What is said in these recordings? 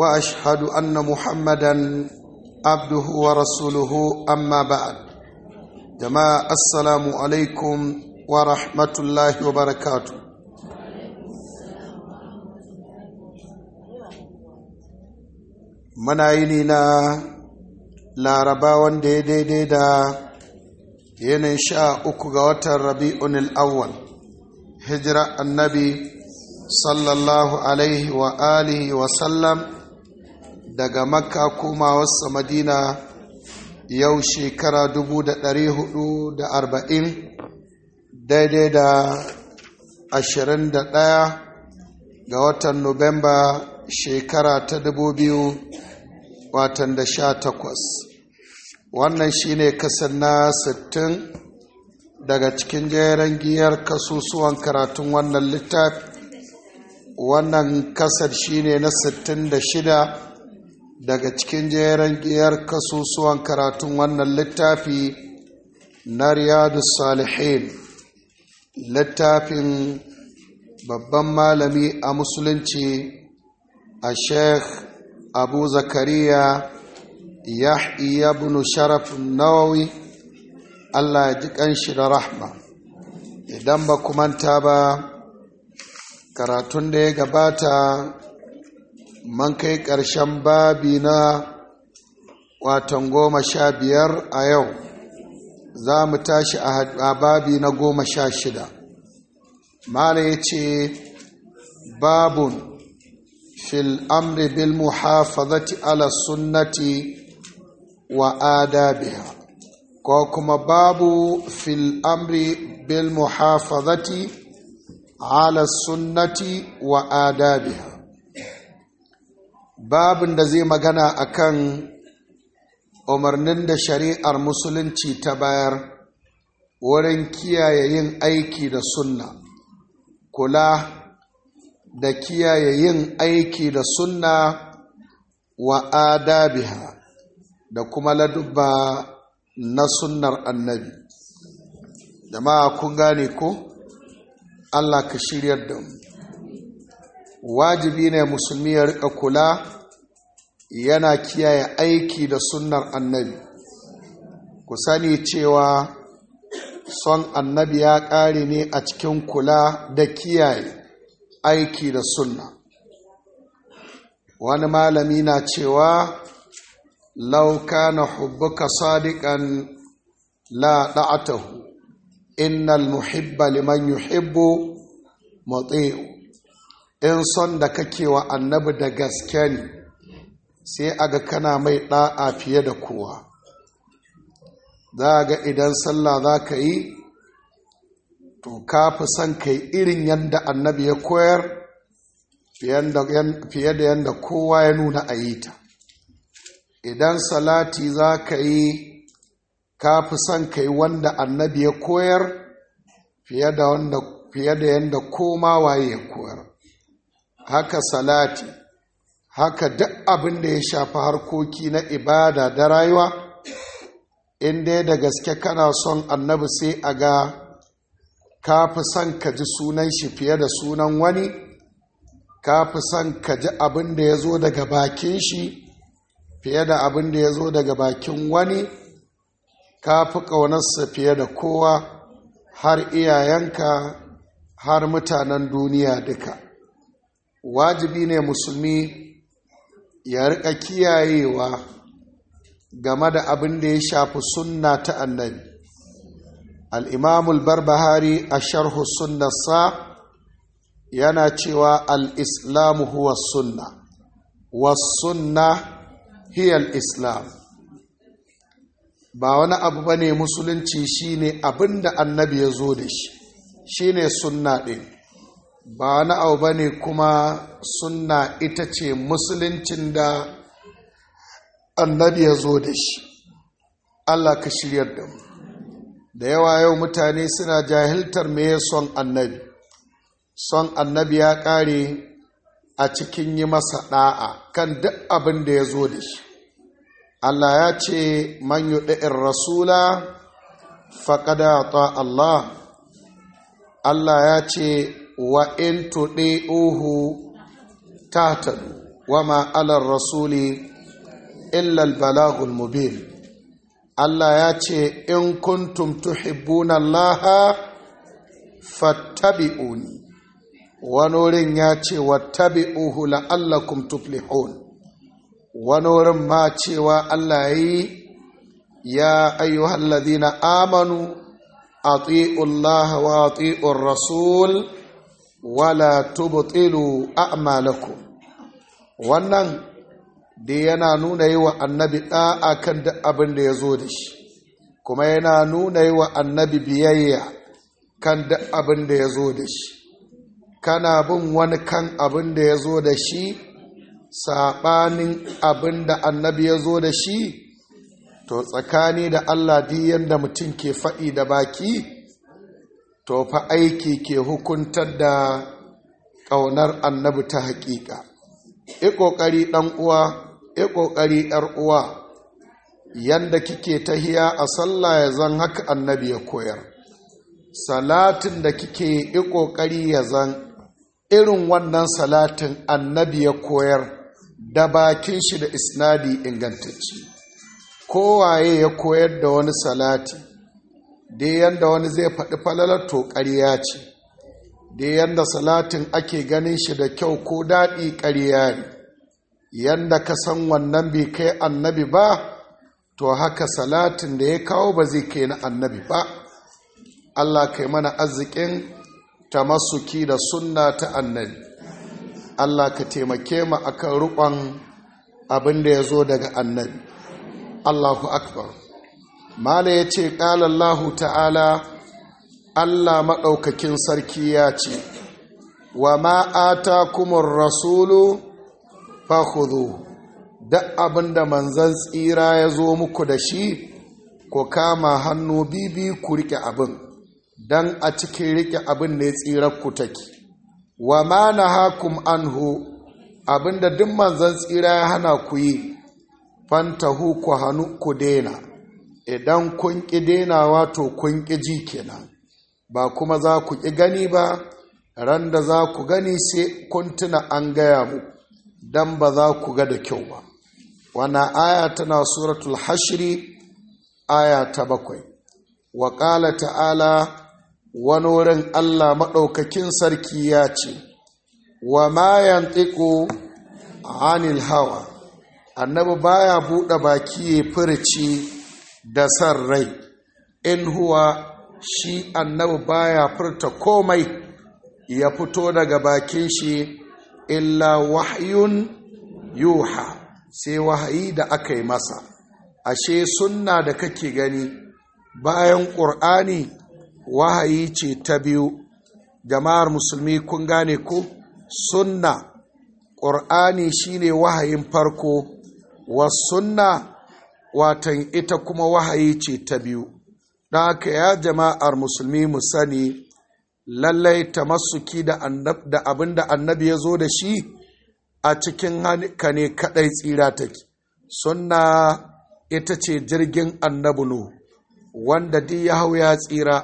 واشهد ان محمدا عبده ورسوله اما بعد جماعه السلام عليكم ورحمه الله وبركاته muna yini na laraba wanda ya daidai da yanayin sha uku ga watan rabi'un al'awwal hijira annabi sallallahu alaihi wa sallam daga makka koma wasu madina yau shekara 440 daidai da 21 ga watan nuwamba shekara ta 2000 watan da 18 wannan shine kasar na 60 daga cikin jeren giyar kasusuwan karatun wannan littafi wannan kasar shine na 66 daga cikin jeren giyar kasusuwan karatun wannan littafi na riyadu salihin littafin babban malami a musulunci a sheikh abu zakariya yahya ibn sharaf nawawi allah ya ji kanshi da rahma idan ba kumanta ba karatun da ya gabata man kai ƙarshen babi na watan goma sha biyar a yau za mu tashi a babi na goma sha shida mala ya ce babun fil amri bil muhafazati ala sunnati wa adabiha ko kuma babu fil amri bil muhafazati ala sunnati wa adabiha babin da zai magana a kan umarnin da shari'ar musulunci ta bayar wurin kiyaye yin aiki da sunna kula da kiyaye yin aiki da sunna wa adabiha da kuma ladubba na sunnar annabi jama'a kun gane ko allah ka shirya da mu wajibi ne musulmi ya rika kula yana kiyaye aiki da sunnar annabi ku sani cewa son annabi ya ƙare ne a cikin kula da kiyaye aiki da sunna wani malami na cewa lauka na hubbuka sadiƙan la da'atahu innal muhibba liman yuhibbu mati'u in son da kake wa annabi da gaske ne sai aga kana mai ɗa'a fiye da kowa za ga idan sallah za ka yi to ka fi son ka irin yadda annabi ya koyar fiye da yadda kowa ya nuna a yi ta idan salati za ka yi ka fi son ka wanda annabi ya koyar fiye da yadda koma waye ya koyar haka salati haka duk abin da ya shafi harkoki na ibada da rayuwa in dai da gaske kana son annabi sai a ga ka fi son ka ji sunan shi fiye da sunan wani ka fi son ka ji abin da ya zo daga bakin shi fiye da abin da ya zo daga bakin wani ka fi ƙaunarsa fiye da kowa har iyayenka har mutanen duniya duka wajibi ne musulmi ya rika kiyayewa game da abin da ya shafi sunna ta annabi al'imamul barbahari a sharhu sunnarsa yana cewa al'islamu huwa sunna wasunna hiyal islam ba wani abu ba ne musulunci shi ne abin da annabi ya zo da shi Shi ne sunna ɗin ba na abu ba ne kuma sunna ita ce musuluncin da annabi ya zo da shi allah ka shiryar da mu da yawa yau mutane suna jahiltar me son annabi son annabi ya ƙare a cikin yi masa ɗa'a kan duk abin da ya zo da shi allah ya ce man yi rasula faƙada ta allah allah ya ce wa in uhu tahtadu wa ma rasuli illal balagul mubin Allah ya ce in kuntum tuhibbuna Allah fattabi'uni wani wurin ya ce wattabi'uhu la'allakum tuflihun wani wurin ma cewa Allah yi ya ayyuhallazina amanu ati'u Allah wa ati'u rasul wala tubtilu a'malakum wannan da yana nuna yi wa annabi ɗa'a kan duk abin da ya zo da shi kuma yana nuna yi wa annabi biyayya kan duk abin da ya zo da shi kana bin wani kan abin da ya zo da shi saɓanin abin da annabi ya zo da shi to tsakani da allah diyan da mutum ke faɗi da baki to fa aiki ke hukuntar da ƙaunar annabi ta haƙiƙa e ƙoƙari ɗan uwa e ƙoƙari ‘yar uwa yanda kike ta hiya a sallah ya zan haka annabi ya koyar salatin da kike e ƙoƙari ya zan irin wannan salatin annabi ya koyar da bakin shi da isnadi ingantacci kowaye ya koyar da wani salati dai yanda wani zai faɗi falalar to ƙarya ce dai yanda salatin ake ganin shi da kyau ko daɗi ƙarya ne yanda ka san wannan bai kai annabi ba to haka salatin da ya kawo ba zai kai na annabi ba allah kai mana arzikin masuki da sunna ta annabi allah ka taimake mu akan rukon abin da ya zo daga annabi allahu akbar mala ya ce ƙalallahu ta'ala allah maɗaukakin sarki ya ce wa ma'ata kuma rasulu fahudu duk abinda manzan tsira ya zo muku da shi ku kama hannu bibi ku riƙe abin don a cikin rike abin ne ku take wa ma na hakum anhu abinda duk manzan tsira ya hana ku yi fantahu ku hannu ku daina idan kun ƙi denawa to kun ƙi ji kenan ba kuma za ku ƙi gani ba ran da za ku gani sai kun tuna an gaya mu don ba za ku ga da kyau ba wana aya tana suratul hashiri aya ta bakwai wa ƙala ta'ala wani wurin allah maɗaukakin sarki ya ce wa ma yantiku anil hawa annabi baya buɗe baki ya furici da san rai in huwa shi Annabu baya furta komai ya fito daga bakin shi illa wahyun yuha sai wahayi da aka yi masa ashe sunna da kake gani bayan ƙur'ani wahayi ce ta biyu jama'ar musulmi kun gane ku? sunna ƙur'ani shine wahayin farko wa sunna watan ita kuma wahayi ce ta biyu don haka ya jama'ar musulmi mu sani lallai ta masuki da abin da annabi ya zo da shi a cikin hannuka ne kaɗai tsira take suna ita ce jirgin annabi wanda duk ya hau ya tsira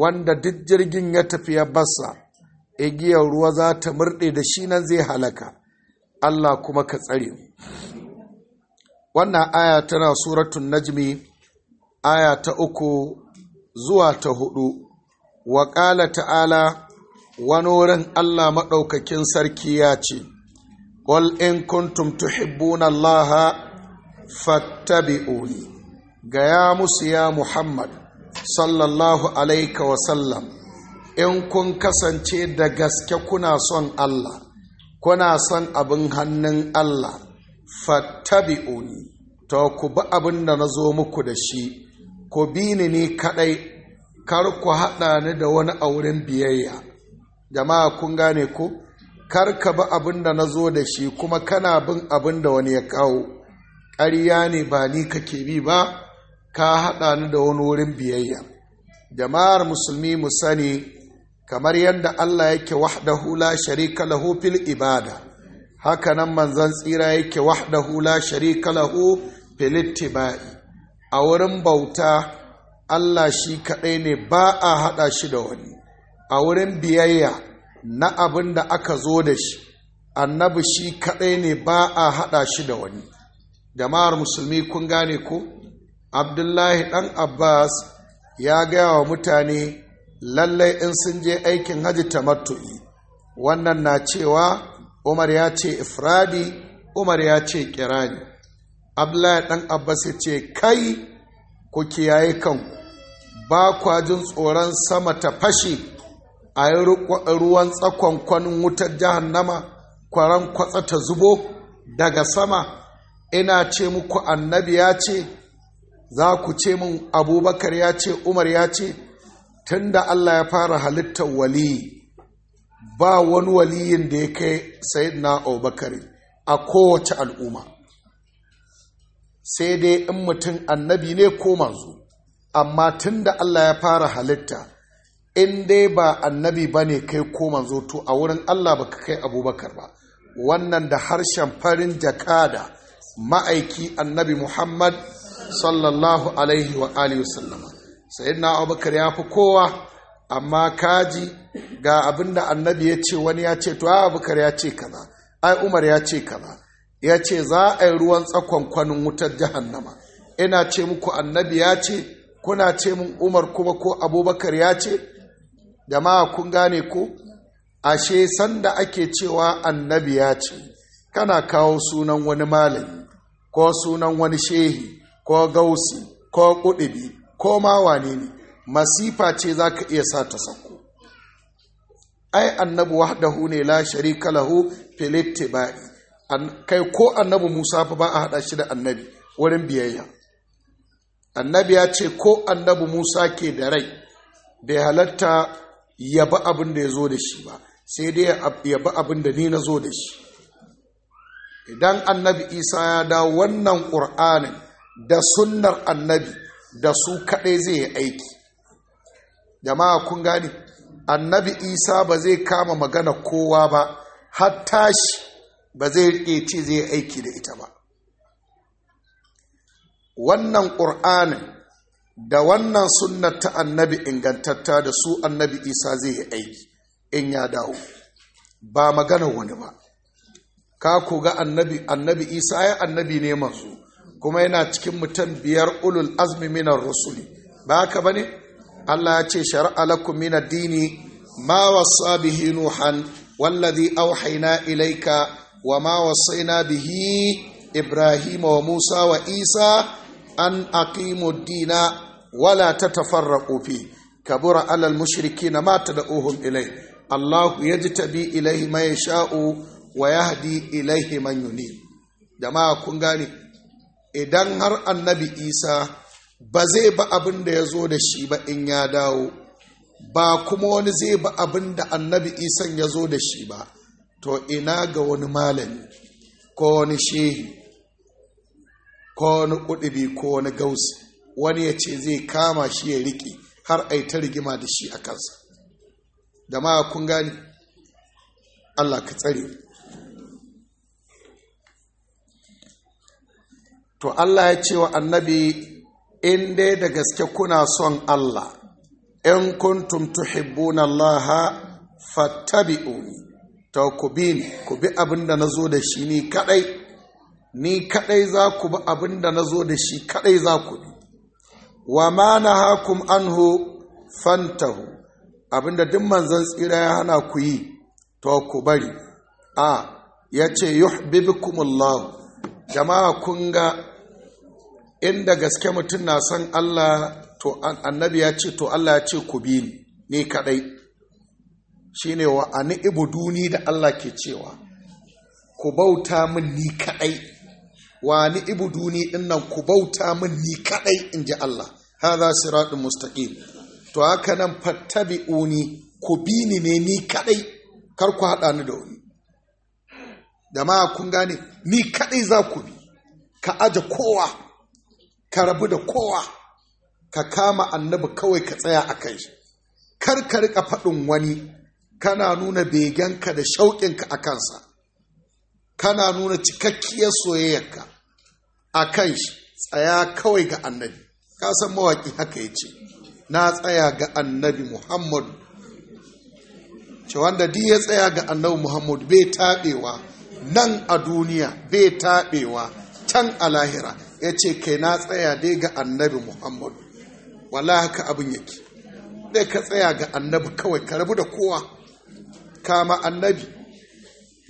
wanda duk jirgin ya tafi ya basa igiyar ruwa za ta murɗe da shi nan zai halaka Allah kuma ka tsare wannan aya tana suratun najmi aya ta uku zuwa ta hudu wa ta'ala wani wurin Allah maɗaukakin sarki ya ce ƙwal in kuntum tuhibbuna Allah fattabi'uni gaya musu ya Muhammad sallallahu alaika wasallam in kun kasance da gaske kuna son Allah kuna son abin hannun Allah fattabi'uni to ku bi abin da na zo muku da shi ku bi ni ne kaɗai kar ku haɗa ni da wani auren biyayya jama'a kun gane ku, kar ka bi abin da na zo da shi kuma kana bin abin da wani ya kawo ƙarya ne ba ni kake bi ba ka haɗa ni da wani wurin biyayya jama'ar musulmi mu sani kamar yadda Allah yake wahdahu la sharika lahu fil ibada Haka hakanan manzan tsira yake wahdahu la sharika lahu fil ittiba'i a wurin bauta Allah shi kaɗai ne ba a haɗa shi da wani a wurin biyayya na abin da aka zo da shi annabi shi kaɗai ne ba a haɗa shi da wani jama'ar musulmi kun gane ko abdullahi ɗan abbas ya gaya wa mutane lallai in sun je aikin hajji tamattu'i wannan na cewa umar ya ce ifradi umar ya ce kirani abdullahi dan abbas ya ce kai ku kiyaye kanku ba kwa jin tsoron sama ta fashe a yi ruwan tsakonkwanin wutar nama kwaran kwatsa ta zubo daga sama ina ce muku annabi ya ce za ku ce min abubakar ya ce umar ya ce tun da allah ya fara halittar waliyi ba wani waliyin da ya kai sayyidina abubakar a kowace al'umma sai dai in mutum annabi ne ko manzo amma tun da allah ya fara halitta in dai ba annabi ba ne kai ko manzo to a wurin allah ba ka kai abubakar ba wannan da harshen farin jakada ma'aiki annabi muhammad sallallahu alaihi wa alihi wasallama sayyidina abubakar ya fi kowa amma kaji ga abinda annabi ya ce wani ya ce to a abukar ya ce kaza ai umar ya ce kaza ya ce za a yi ruwan tsakon kwanin wutar jahannama ina ce muku annabi ya ce kuna ce mun umar kuma ko abubakar ya ce jama'a kun gane ku? ashe sanda ake cewa annabi ya ce kana kawo sunan wani malami ko sunan wani shehi ko gausi ko kudubi ko ma wane ne masifa ce za ka iya sa ta sauko. ai annabi wahdahu ne la sharika lahu fil bai kai ko annabi Musa fa ba a hada shi da annabi wurin biyayya annabi ya ce ko annabi Musa ke da rai bai halatta ya ba abin da ya zo da shi ba sai dai ya abin da ni na zo da shi idan annabi Isa ya dawo wannan ƙur'anin da sunnar annabi da su kaɗai zai yi aiki jama'a kun gane annabi isa ba zai kama magana kowa ba hatta shi ba zai rike ce zai aiki da ita ba wannan ƙur'anin da wannan sunnar ta annabi ingantatta da su annabi isa zai yi aiki in ya dawo ba magana wani ba ka ku ga annabi annabi isa ya annabi ne masu kuma yana cikin mutum biyar ulul azmi minar rasuli ba haka bane Allah ya ce shar'a lakum min ad-dini ma wasa bihi nuhan wallazi auhayna ilayka wa ma wasaina bihi ibrahima wa musa wa isa an aqimu ad-dina wala tatafarraqu fi kabura ala al-mushrikeena ma tad'uhum ilay Allah yajtabi ilayhi man yasha'u wa yahdi ilayhi man yunib jama'a kun gane idan har annabi Isa ba zai ba abin da ya zo da shi ba in ya dawo ba kuma wani zai ba abin da annabi isan ya zo da shi ba to ina ga wani malami ko wani shehi ko wani kudubi ko wani gausi wani ya ce zai kama shi ya riƙe har a ta rigima da shi a kansa da ma kun gani allah ka tsare to allah ya ce wa annabi in dai da gaske kuna son Allah in kuntum tuhibbuna Allah fattabi'uni ta ku bi ni ku bi abin da na zo da shi ni kadai ni kadai za ku bi abin da na zo da shi kadai za ku bi wa ma hakum anhu fantahu da duk manzon tsira ya hana ku yi to ku bari a yace yuhibbukumullah jama'a kun ga inda gaske mutum na son Allah to annabi ya ce to Allah ya ce ku bi ni ni kadai shine wa ani ibuduni da Allah ke cewa ku bauta min ni kadai wa ni ibuduni din nan ku bauta min ni kadai ji Allah hadha siratul mustaqim to haka nan fattabi'uni ku bi ni ne ni kadai kar ku hada ni da wani jama'a kun gane ni kadai za ku bi ka aje kowa ka rabu da kowa ka kama annabi kawai ka tsaya a kai kar ka rika faɗin wani kana nuna begenka da shauƙinka a kansa kana nuna cikakkiyar soyayyarka a kan shi tsaya kawai ga annabi ka san mawaƙi haka ya ce na tsaya ga annabi muhammadu ce wanda di ya tsaya ga annabi muhammadu bai taɓewa nan a duniya bai taɓewa can a lahira ya ce kai na tsaya dai ga annabi muhammadu wala haka abin yake dai ka tsaya ga annabi kawai ka rabu da kowa kama annabi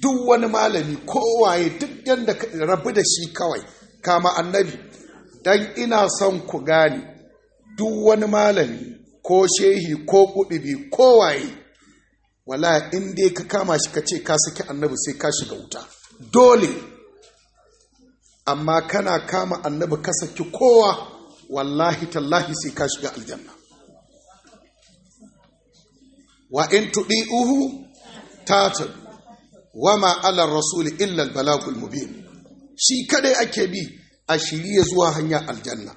duk wani malami kowaye duk yadda rabu da shi kawai kama annabi Dan ina son ku gane duk wani malami ko shehi ko kudubi kowaye wala in dai ka kama shi ka ce ka saki annabi sai ka shiga wuta dole amma kana kama annabi ka saki kowa wallahi tallahi sai ka shiga aljanna wa in tudi'uhu ta wa ma ala rasul illa al mubin shi kadai ake bi a shirye zuwa hanya aljanna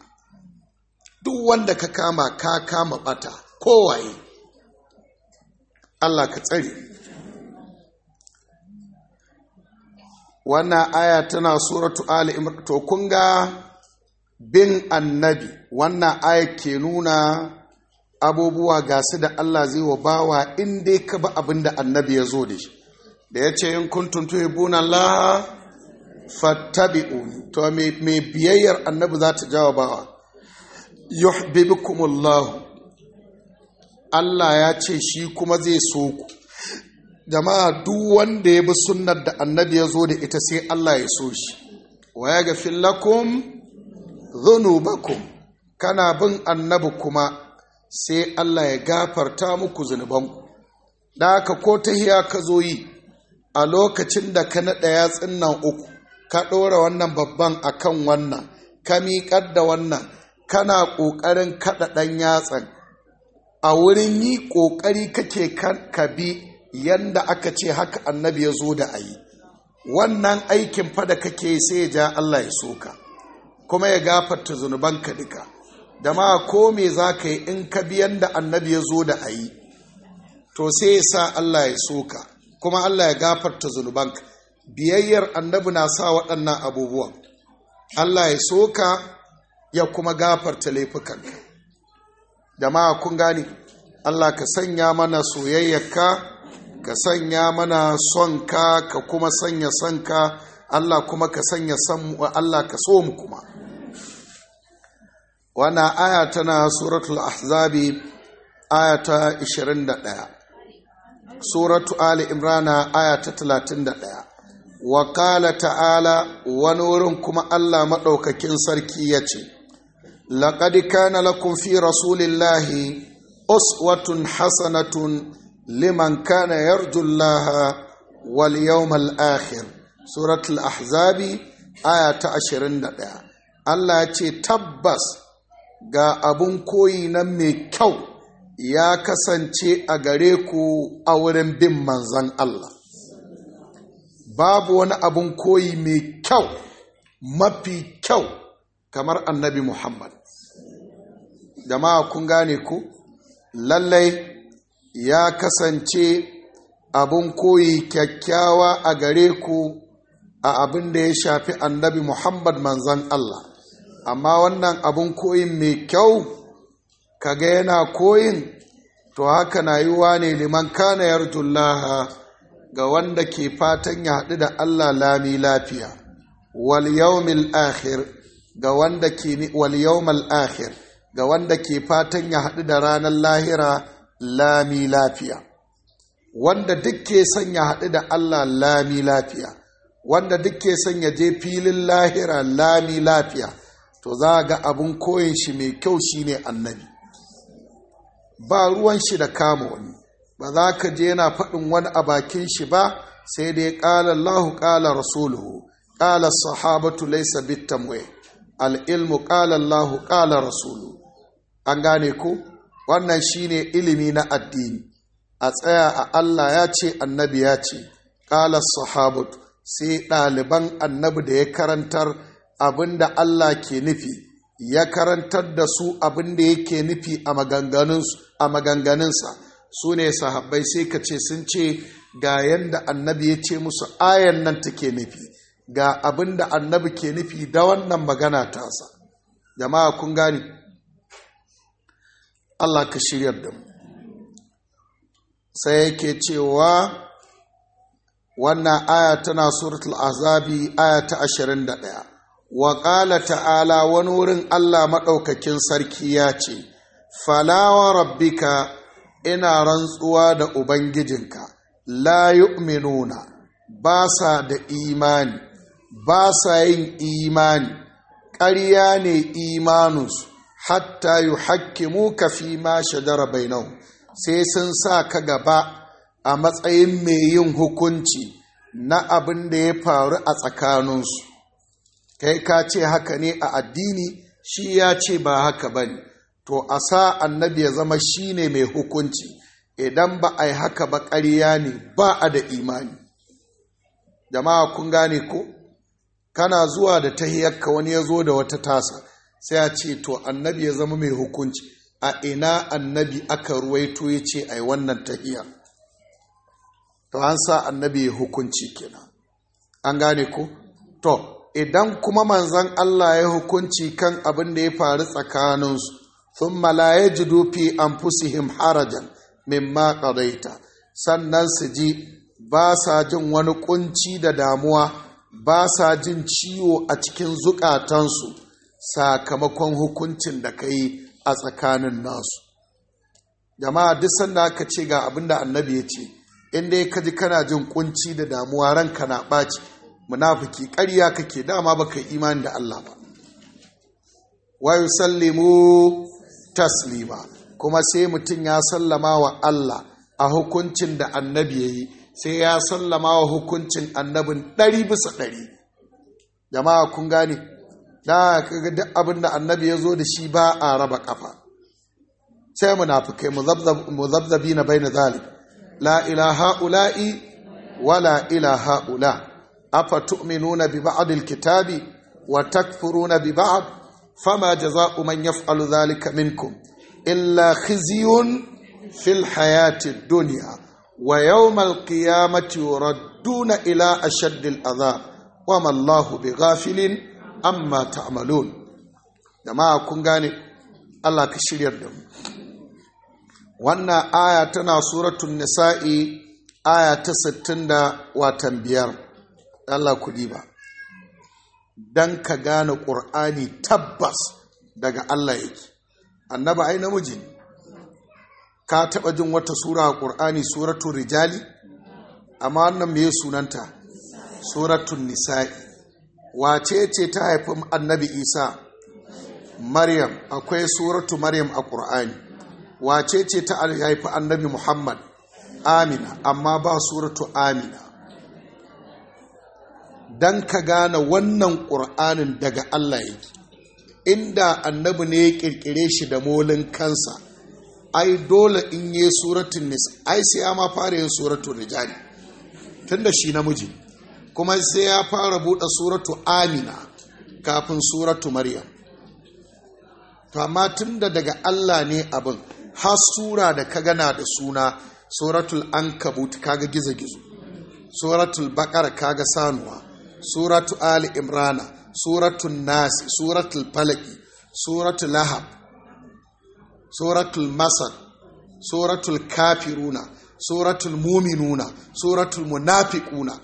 duk wanda ka kama ka kama bata kowaye Allah ka tsare wannan aya tana suratu ali imran to kun ga bin annabi wannan aya ke nuna abubuwa gasu da Allah zai wa bawa in dai ka ba abin da annabi ya zo da shi da ya ce in kuntum laha Allah fattabi'uni to mai biyayyar annabi za ta jawa bawa yuhibbukumullah Allah ya ce shi kuma zai so ku jama'a duk wanda ya bi sunnar da annabi ya zo da ita sai Allah ya so shi wa ya gafi lakum kana bin annabi kuma sai Allah ya gafarta muku zunubanku da aka ko ta tahiya ka zo yi a lokacin da ka naɗa yatsun nan uku ka ɗora wannan babban akan wannan ka miƙar da wannan kana ƙoƙarin kaɗa ɗan yatsan a wurin yi ƙoƙari kake ka bi yanda aka ce haka annabi ya zo da ayi wannan aikin fada kake sai ya ja Allah ya soka kuma ya gafarta zunubanka duka da ma ko me za ka yi in ka bi yanda annabi ya zo da ayi to sai ya sa Allah ya soka kuma Allah ya gafarta zunubanka biyayyar annabi na sa waɗannan abubuwan Allah ya soka ya kuma gafarta laifukanka ma kun gane Allah ka sanya mana soyayyarka ka sanya mana son ka ka kuma sanya son ka Allah kuma ka sanya son Allah ka so mu kuma wana aya tana suratul ahzabi aya ta 21 suratu ali imrana aya ta 31 wa qala ta'ala wani wurin kuma Allah maɗaukakin sarki ya ce kana lakum fi rasulillahi uswatun hasanatun liman kana yarjullaha wal yawmal akhir suratul ahzabi aya ta 21 Allah ya ce tabbas ga abun koyi nan mai kyau ya kasance a gare ku a wurin bin manzan Allah babu wani abun koyi mai kyau mafi kyau kamar annabi Muhammad jama'a kun gane ku lallai ya kasance abin koyi kyakkyawa a gare ku a abin da ya shafi annabi muhammad manzan allah amma wannan abin koyi mai kyau kaga yana koyin to haka na yiwa ne liman kana tullaha ga wanda ke fatan ya haɗu da allah lami lafiya wal yawmil akhir ga wanda ke akhir ga wanda ke fatan ya haɗu da ranar lahira lami lafiya wanda dukke sanya haɗu da Allah lami lafiya wanda ke sanya je filin lahira lami lafiya to za ga abun koyin shi mai kyau shine annabi ba ruwan shi da kama wani ba za ka je yana faɗin wani a bakin shi ba sai dai ƙala Allahu ƙala rasuluhu ƙala sahabatu laisa bitamwe al'ilmu ƙala Allahu ƙala rasuluhu. an gane ko wannan shine ilimi na addini a tsaya a Allah ya ce annabi ya ce ƙala sahabut sai ɗaliban annabi da ya karantar abinda Allah ke nufi ya karantar da su abinda da yake nufi a maganganunsa su ne sahabbai sai ka ce sun ce ga yadda annabi ya ce musu ayan nan take nufi ga abinda annabi ke nufi da wannan magana tasa jama'a kun gani Allah ka shirya da mu sai yake cewa wannan aya tana suratul azabi aya ta 21 wa qala ta'ala wani wurin Allah maɗaukakin sarki ya ce falawa rabbika ina rantsuwa da ubangijinka la yu'minuna ba sa da imani ba sa yin imani ƙarya ne imaninsu. hatta ka fi ma shajara nau sai sun sa ka gaba a matsayin mai yin hukunci na abin da ya faru a tsakaninsu kai ka ce haka ne a addini shi ya ce ba haka ba ne to a sa annabi ya zama shi ne mai hukunci idan ba a yi haka ba ƙarya ne ba a da imani jama'a kun gane ko kana zuwa da tahiyarka wani ya zo da wata tasa sai a ce to annabi ya zama mai hukunci a ina annabi aka ruwaito ya ce ai wannan tahiya to an sa annabi ya hukunci kenan an gane ko to idan kuma manzan Allah ya hukunci kan abin da ya faru tsakaninsu sun malaye ji dufi an fusihim harajan min ƙaraita sannan su ji ba sa jin wani ƙunci da damuwa ba sa jin ciwo a cikin zukatansu sakamakon hukuncin da ka yi a tsakanin nasu jama'a duk sanda aka ce ga abin da annabi ya ce inda ya kaji kana jin kunci da damuwa ranka na ɓaci munafiki ƙarya kake dama baka imani da Allah ba wa yusallimu taslima kuma sai mutum ya sallama wa Allah a hukuncin da annabi ya yi sai ya sallama wa hukuncin annabin ɗari bisa ɗari jama'a kun gane da kaga duk abin da annabi ya zo da shi ba a raba kafa sai munafikai muzabzabi na bai na zalik la ilaha ula'i wala ilaha ula afa tu'minuna bi ba'dil kitabi wa takfuruna bi ba'd fama jaza'u man yaf'alu zalika minkum illa khizyun fil hayati dunya wa yawmal qiyamati yuradduna ila ashaddil adha wa ma Allahu bighafilin amma ta'malun jama'a kun gane Allah ka shiryar da mu wannan aya tana suratun nisa'i aya ta sittin da watan biyar Allah ku ba dan ka gane ƙur'ani tabbas daga Allah yake annaba ai namiji ka taɓa jin wata sura a ƙur'ani suratun rijali amma wannan me sunanta suratun nisa'i wace ce ta haifi annabi isa maryam akwai suratu maryam a ƙur'ani wace ce ta haifi annabi muhammad amina amma ba suratu amina don ka gane wannan ƙur'anin daga allah yake inda annabi ne ya ƙirƙire shi da molin kansa ai dole in yi suratun nisa ai sai ya ma fara yin suratun da tun da shi namiji kuma sai ya fara buɗe suratu amina kafin suratu maryam to amma tun da daga allah ne abin har sura da ka gana da suna suratul ankabut kaga gizo-gizo suratul bakar kaga sanuwa suratu ali imrana suratul nasi suratul falaki suratul lahab suratul masar suratul kafiruna suratul muminuna suratul munafiquna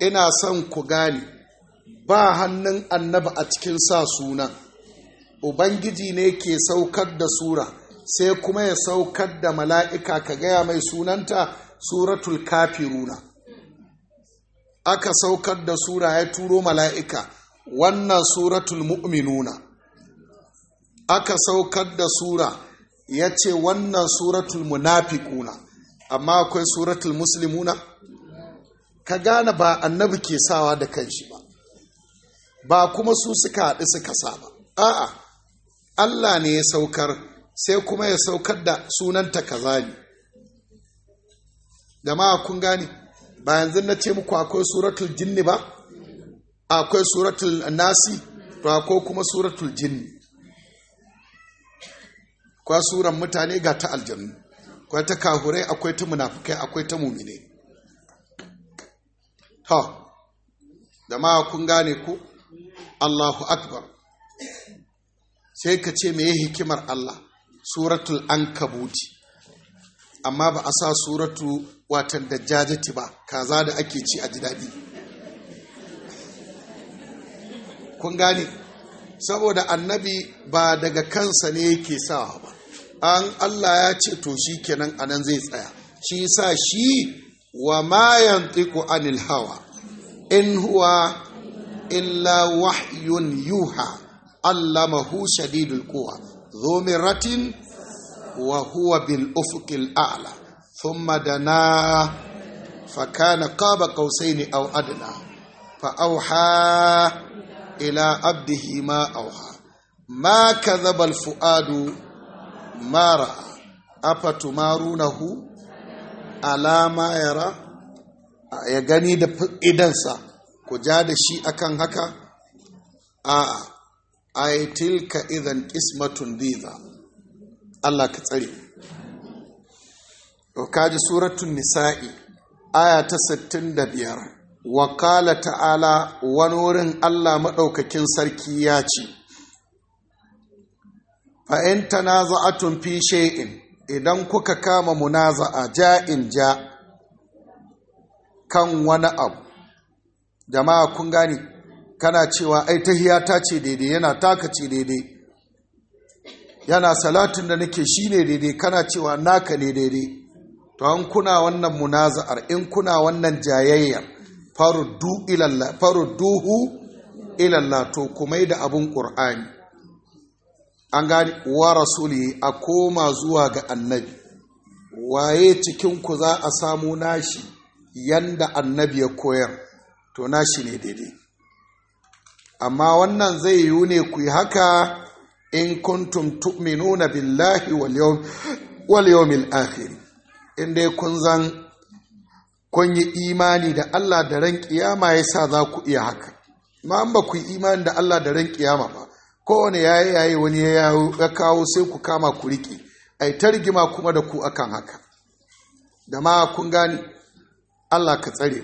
ina son ku gane ba hannun Annabi a cikin sa suna ubangiji ne ke saukar da sura sai kuma ya saukar da mala'ika ka gaya mai sunanta suratul kafiruna aka saukar da sura ya turo mala'ika wannan suratul mu'minuna aka saukar da sura ya ce wannan suratul munafiquna amma akwai suratul muslimuna ka gane ba annabi ke sawa da kanshi ba ba kuma su suka haɗu suka sa ba a'a Allah ne ya saukar sai kuma ya saukar da sunanta kaza ne jama'a kun gane ba yanzu na ce muku akwai suratul jinni ba akwai suratul nasi to akwai kuma suratul jinni kwa suran mutane ga ta aljannu kwa ta kahurai akwai ta munafukai akwai ta mumine to da kun gane ku Allahu akbar sai ka ce meye hikimar Allah suratul kabuti, amma ba a sa suratu watan dajjajati ba kaza da ake ci a ji daɗi kun gane saboda annabi ba daga kansa ne yake sawa ba an Allah ya ce to shi kenan anan zai tsaya shi sa shi wa ma yantiqu anil hawa in huwa illa wahyun yuha allamahu shadidul quwa dhu miratin wa huwa bil ufuqil a'la thumma dana fakana qaba ƙausaini aw adna fa awha ila abdihi ma awha ma kadhaba al fuadu ma ra'a alama yara ya gani da idansa ku ja da shi akan haka a ai tilka idan ismatun diza Allah ka tsare kaji suratun nisa'i aya ta 65 wakala ta'ala wani wurin Allah maɗaukakin sarki ya ce fa'in tana za'atun fi shay'in idan kuka kama munaza'a ja'in ja kan wani abu jama'a kun gane kana cewa ai tahiya ta ce daidai yana taka ce daidai yana salatin da nake shine daidai kana cewa naka ne daidai to an kuna wannan munaza'ar in kuna wannan jayayyar duhu ilallah to kuma da abun ƙur'ani. an gani wa rasuli a koma zuwa ga annabi waye cikinku za a samu nashi yanda annabi ya koyar to nashi ne daidai amma wannan zai yiwu ne ku yi haka in kuntum tu'minuna billahi wal yawmil akhir in dai kun zan kun yi imani da Allah da ran kiyama yasa za ku iya haka ma an ba ku yi imani da Allah da ran kiyama ba kowane yayi yayi wani ya kawo sai ku kama ku riƙe a yi targima kuma da ku akan haka da ma kun gani Allah ka tsare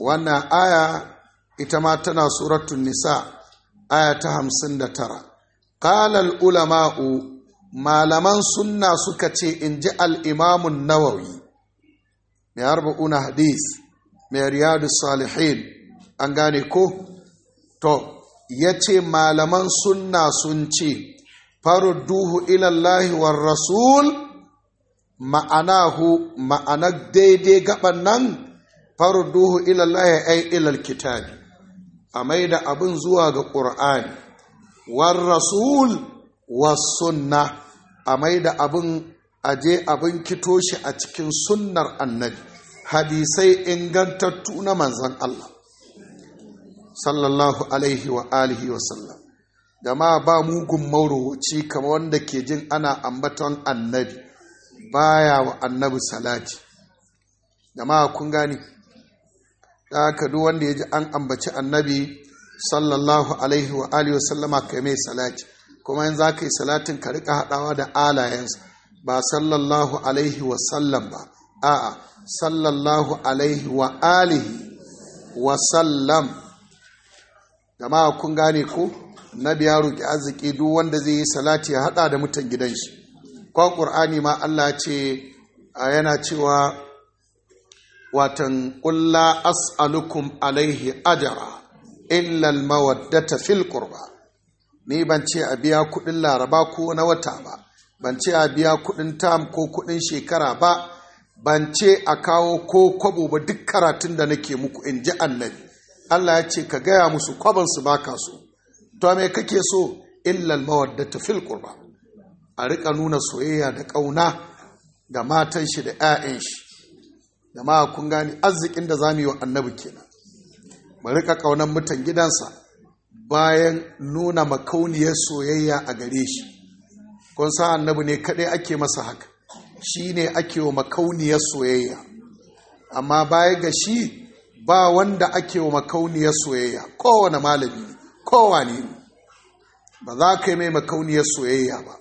wannan aya ita ma tana suratun nisa aya ta hamsin da tara ƙalal ulama'u malaman sunna suka ce in ji al'imamun nawawi mai arba'una hadis mai riyadu salihin an gane ko to ya ce malaman sunna sun ce duhu ilallahi war rasul ma'anahu ma'anar daidai gaban nan duhu ilallahi ai ilal kitabi a mai da abin zuwa ga ƙur'ani war rasul was sunna a mai da abin aje abin kito shi a cikin sunnar annabi hadisai ingantattu na manzan Allah sallallahu alaihi wa alihi wa sallam dama ba mugun maurowaci kama wanda ke jin ana ambaton annabi baya wa annabi salati dama kun gani da haka duk wanda ya ji an ambaci annabi sallallahu alaihi wa alihi wa sallama kai mai salati kuma yanzu za ka yi salatin ka rika haɗawa da alayensa ba sallallahu alaihi wa sallam ba a'a sallallahu alaihi wa alihi wa sallam gama kun gane ko na biya roki arziki duk wanda zai yi salati ya hada da mutan gidan shi ko qur'ani ma Allah ce yana cewa watan ƙulla as'alukum alaihi ajara illa almawaddata fil qurba ni ban ce a biya kuɗin laraba ko na wata ba ban ce a biya kuɗin tam ko kuɗin shekara ba ban ce a kawo ko kwabo ba duk karatun da nake muku in ji annabi Allah ya ce ka gaya musu kwaban su baka su to me kake so illal mawaddatu fil qurba a rika nuna soyayya da ƙauna ga matan shi da 'ya'yan shi ma kun gani arzikin da zamu yi wa annabi kenan mu rika kaunan mutan gidansa bayan nuna makauniyar soyayya a gare shi kun san annabi ne kaɗai ake masa haka shi ne ake wa makauniyar soyayya amma baya ga shi ba wanda ake wa makauniyar soyayya kowane malami kowane ne ba za ka yi mai makauniyar soyayya ba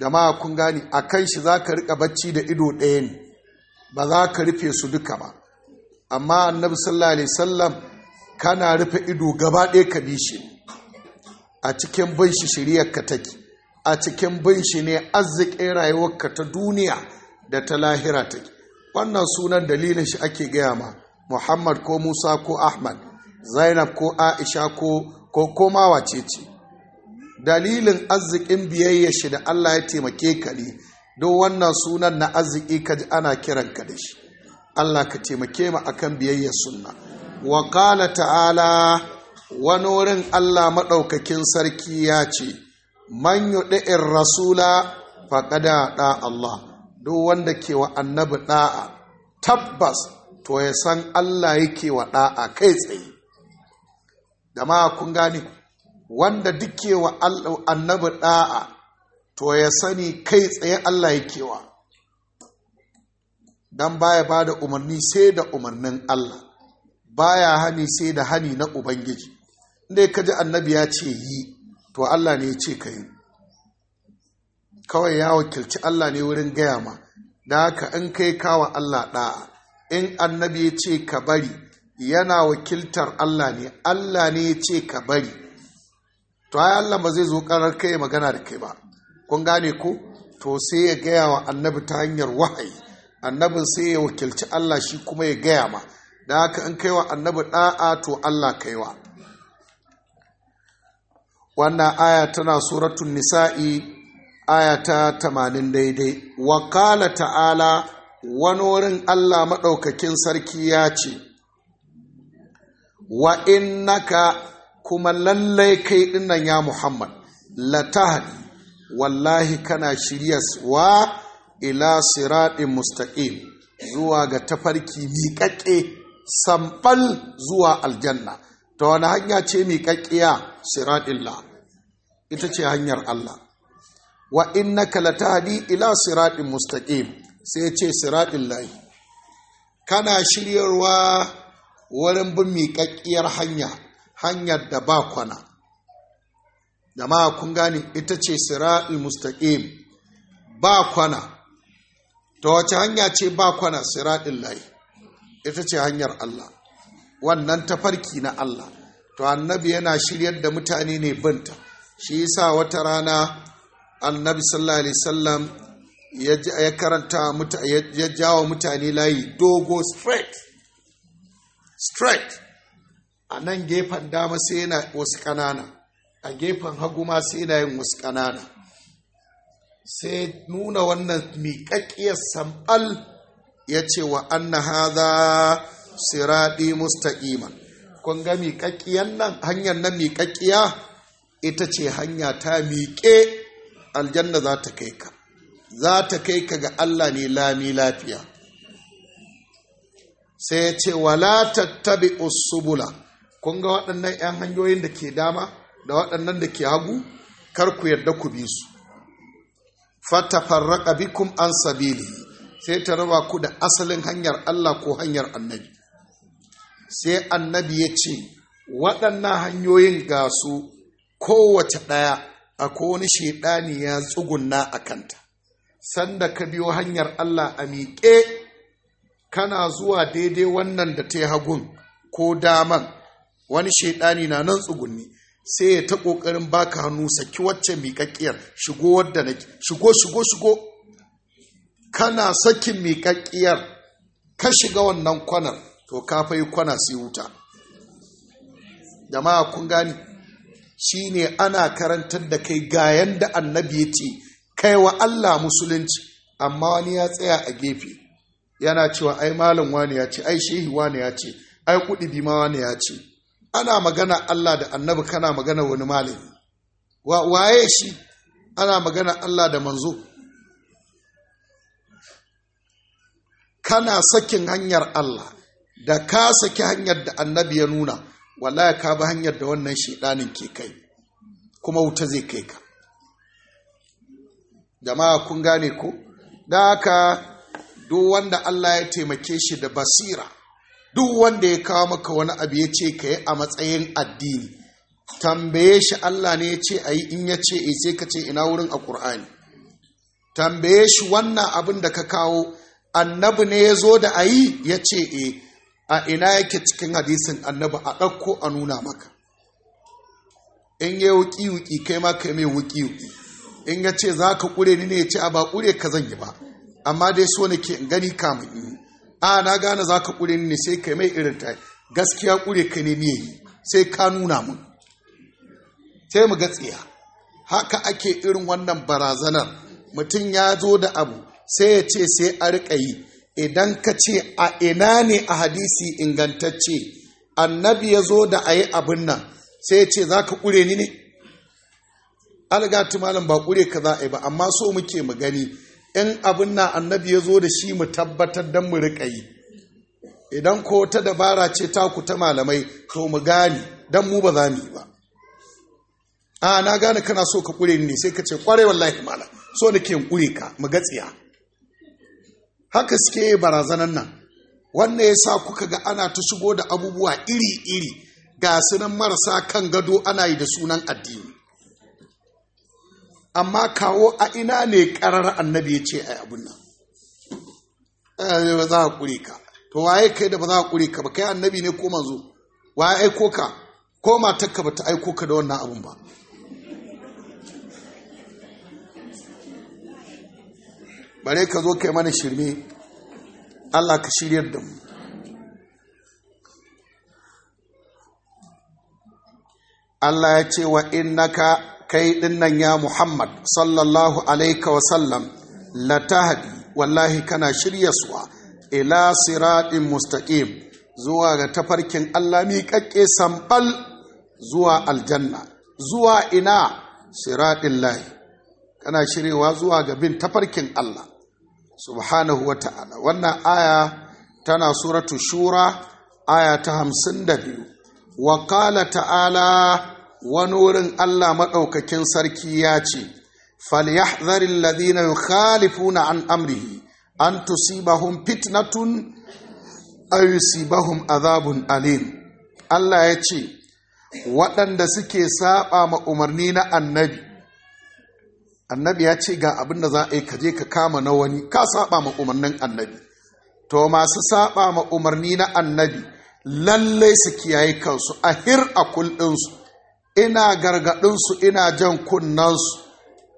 jama'a kun gani a kan shi za ka riƙa bacci da ido ɗaya ne ba za ka rufe su duka ba amma annabi sallallahu alaihi sallam kana rufe ido gaba ɗaya ka bi shi a cikin bin shi shiriyar ka take a cikin bin shi ne arzikin rayuwarka ta duniya da ta lahira take wannan sunan dalilin shi ake gaya ma muhammad ko musa ko ahmad zainab ko aisha ko koma wace ce dalilin arzikin biyayya shi da allah ya taimake ka ne don wannan sunan na arziki ka ji ana kiran ka da shi allah ka taimake mu akan biyayya sunna wa ta'ala wani wurin allah maɗaukakin sarki ya ce man yuɗi'in rasula faƙada ɗa allah duk wanda ke wa annabi ɗa'a tabbas to ya san Allah yake wa ɗa'a kai tsaye Da ma kun gane wanda duke wa annabi ɗa'a to ya sani kai tsaye Allah yake wa don baya ba da umarni sai da umarnin Allah baya hani sai da hani na Ubangiji inda ka ji annabi ya ce yi to Allah ne ya ce ka yi kawai ya wakilci Allah ne wurin gaya ma da haka in kai kawa Allah ɗa'a in annabi ya ce ka bari yana wakiltar Allah ne Allah ne ya ce ka bari to ai Allah ba zai zo karar kai magana da kai ba kun gane ko to sai ya gaya wa annabi ta hanyar wahayi annabin sai ya wakilci Allah shi kuma ya gaya ma da haka in kai wa annabi da'a to Allah kai wa. wannan aya tana suratun nisa'i aya ta 80 daidai wa ta'ala wani wurin Allah maɗaukakin sarki ya ce, Wa naka kuma lallai kai ɗinan ya Muhammad, latahadi, wallahi kana shirya wa ila siraɗin mustaƙim zuwa ga tafarki miƙaƙe, samfal zuwa aljanna, ta wani hanya ce miƙaƙiya la, ita ce hanyar Allah. Wa naka latahadi ila siraɗin mustaƙim. sai ce siraɗin layi kana shiryarwa wurin bin miƙaƙƙiyar hanya hanyar da ba kwana jama'a kun gane ita ce siraɗin mustaƙim ba kwana ta wace hanya ce ba kwana siraɗin layi ita ce hanyar Allah wannan tafarki na Allah to annabi yana shiryar da mutane ne binta shi yasa wata rana annabi sallallahu alaihi wasallam ya karanta ya jawo mutane layi dogo straight straight a nan gefen dama sai yana wasu ƙanana a gefen hagu ma sai yana yin wasu ƙanana sai nuna wannan miƙaƙƙiyar sam'al ya ce wa anna haza siraɗi mustaƙima kun ga miƙaƙƙiyar nan hanyar nan miƙaƙƙiya ita ce hanya ta miƙe aljanna za ta kai ka za ta kai ka ga Allah ne lami lafiya sai ya ce wala tattabi usubula kun ga waɗannan 'yan hanyoyin da ke dama da waɗannan da ke hagu kar ku yarda ku bi su Fata farraka bikum an sabili sai ta raba ku da asalin hanyar Allah ko hanyar annabi sai annabi ya ce waɗannan hanyoyin ga su kowace ɗaya a wani shaiɗani ya tsugunna a kanta sanda ka biyo hanyar Allah a miƙe kana zuwa daidai wannan da ta hagun ko daman wani shaidani na nan tsugunni sai ya ta ƙoƙarin baka hannu saki wacce miƙaƙƙiyar shigo wadda na shigo shigo shigo kana sakin miƙaƙƙiyar ka shiga wannan kwanar to ka fai kwana sai wuta jama'a kun gani shine ana karantar da kai ga yanda annabi ya ce kai wa Allah musulunci amma wani ya tsaya a gefe yana cewa ai malam wani ya ce ai shehi wani ya ce ai kudi ma wani ya ce ana magana Allah da annabi kana magana wani malami wa waye shi ana magana Allah da manzo kana sakin hanyar Allah da ka saki hanyar da annabi ya nuna wallahi ka bi hanyar da wannan shedanin ke kai kuma wuta zai kai ka jama'a kun gane ko da haka duk wanda Allah ya taimake shi da basira duk wanda ya kawo maka wani abu ya ce ka yi a matsayin addini tambaye shi Allah ne ya ce a yi in ya ce e sai ka ce ina wurin a ƙur'ani tambaye shi wannan abin da ka kawo annabi ne ya zo da a yi ya ce e a ina yake cikin hadisin annabi a ɗauko a nuna maka in yi wuki-wuki kai ma kai mai wuki-wuki in ya ce za ka ƙure ni ne ya ce a ba ƙure ka zan yi ba amma dai so ne in gani kamun in a na gane za ka ƙure ni ne sai kai mai irin ta gaskiya ƙure ka ne yi sai ka nuna mun sai mu gatsiya haka ake irin wannan barazanar mutum ya zo da abu sai ya ce sai a riƙa yi idan ka ce a ina ne a hadisi ingantacce annabi ya zo da a yi abin nan sai ya ce za ka ƙure ni ne alga malam ba kure ka za ba amma so muke mu gani in abin na annabi ya zo da shi mu tabbatar don mu riƙa yi idan ko ta dabara ce taku ta malamai to mu gani, don mu ba za mu yi ba a na gane kana so ka kure ne sai ka ce kware wallahi malam so da ke kure ka mu gatsiya haka suke barazanan nan wannan ya sa kuka ga ana ta shigo da abubuwa iri-iri ga sunan marasa kan gado ana yi da sunan addini amma kawo a ina ne karar annabi ya ce a abun nan eh, ba za a kure ka to waye kai da ba za a kure ka ba kai annabi ne ko manzo waye aiko ka ko matarka ba ta aiko ka da wannan abun ba bare ka zo kai mana shirme Allah ka shiryar da mu Allah ya ce wa innaka kai dinnan ya muhammad sallallahu alaika wasallam latahadi wallahi kana shirya suwa ila siratin mustaqim zuwa ga tafarkin allah miƙaƙƙe sambal zuwa aljanna zuwa ina siratin lahi kana shirewa zuwa ga bin tafarkin allah subhanahu wa ta'ala wannan aya tana suratu shura aya ta hamsin da biyu wa ta'ala wani wurin Allah maɗaukakin sarki ya ce falyahzaril ladina yukhalifuna an amrihi an tusibahum fitnatun aw yusibahum azabun alim Allah ya ce waɗanda suke saba ma umarni na annabi annabi ya ce ga abin da za a yi kaje ka kama na wani ka saba ma umarnin annabi to masu saba ma umarni na annabi lallai su kiyaye kansu a hir a kulɗinsu ina gargaɗinsu ina jan kunnansu